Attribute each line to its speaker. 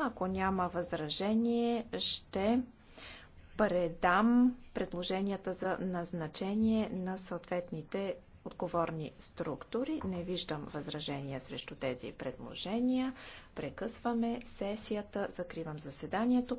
Speaker 1: Ако няма възражение, ще предам предложенията за назначение на съответните отговорни структури. Не виждам възражения срещу тези предложения. Прекъсваме
Speaker 2: сесията. Закривам заседанието.